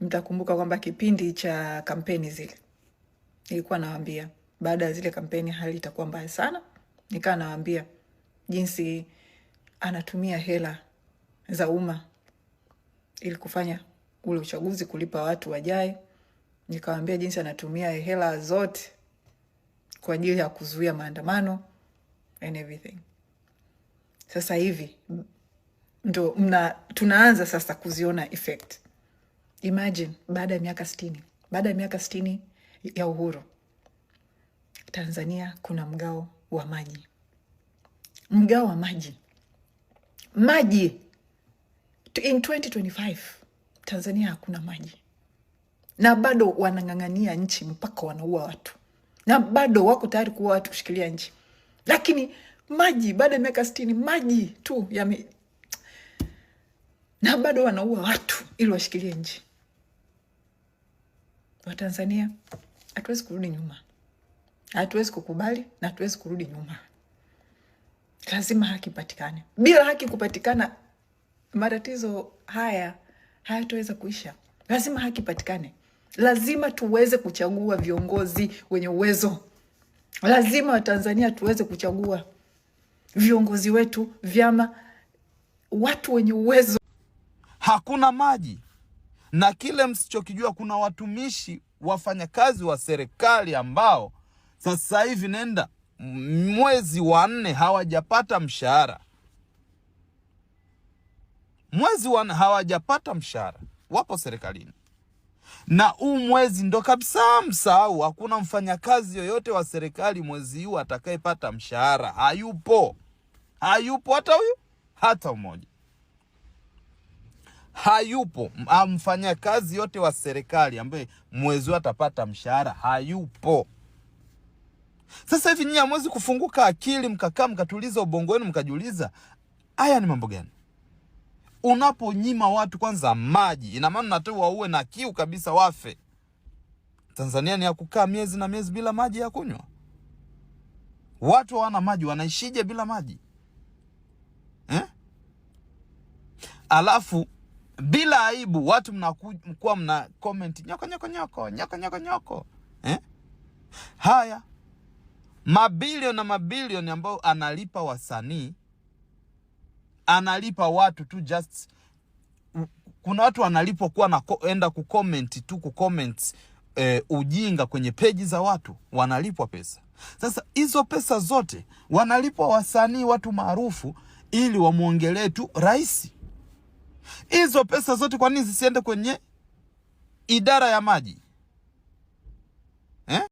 mtakumbuka kwamba kipindi cha kampeni zile nilikuwa nawambia baada ya zile kampeni hali itakuwa mbaya sana. Nikaa nawambia jinsi anatumia hela za umma ili kufanya ule uchaguzi, kulipa watu wajae. nikawambia jinsi anatumia hela zote kwa ajili ya kuzuia maandamano and everything. Sasa hivi ndo mna tunaanza sasa kuziona effect. Imagine baada ya miaka sitini, baada ya miaka sitini ya uhuru Tanzania kuna mgao wa maji, mgao wa maji, maji in 2025 Tanzania hakuna maji, na bado wanang'ang'ania nchi mpaka wanaua watu, na bado wako tayari kuua watu kushikilia nchi, lakini maji baada ya miaka sitini, maji tu yame na bado wanaua watu ili washikilie nchi. Watanzania, hatuwezi kurudi nyuma, hatuwezi kukubali na hatuwezi kurudi nyuma. Lazima haki patikane Bila haki kupatikana, matatizo haya hayataweza kuisha. Lazima haki patikane lazima tuweze kuchagua viongozi wenye uwezo, lazima Watanzania tuweze kuchagua viongozi wetu, vyama, watu wenye uwezo hakuna maji, na kile msichokijua, kuna watumishi wafanyakazi wa serikali ambao sasa hivi nenda mwezi wa nne hawajapata mshahara, mwezi wa nne hawajapata mshahara, wapo serikalini na huu mwezi ndo kabisa msahau. Hakuna mfanyakazi yoyote wa serikali mwezi huu atakayepata mshahara, hayupo, hayupo hata huyu, hata mmoja hayupo. Ah, mfanyakazi yote wa serikali ambaye mwezi atapata mshahara hayupo. Sasa hivi nyinyi hamwezi kufunguka akili mkakaa mkatuliza ubongo wenu mkajiuliza haya ni mambo gani? Unaponyima watu kwanza maji, ina maana unataka wauwe na kiu kabisa, wafe. Tanzania ni ya kukaa miezi na miezi bila maji ya kunywa. Watu hawana maji, wanaishije bila maji eh? Alafu bila aibu watu mnakuwa mna comment nyoko nyoko nyoko nyoko nyoko nyoko eh? Haya mabilioni na mabilioni ambayo analipa wasanii, analipa watu tu just. Kuna watu wanalipwa kuwa naenda kucomment tu kucomment eh, ujinga kwenye peji za watu, wanalipwa pesa. Sasa hizo pesa zote wanalipwa wasanii, watu maarufu, ili wamwongelee tu rais Hizo pesa zote kwa nini zisiende kwenye idara ya maji?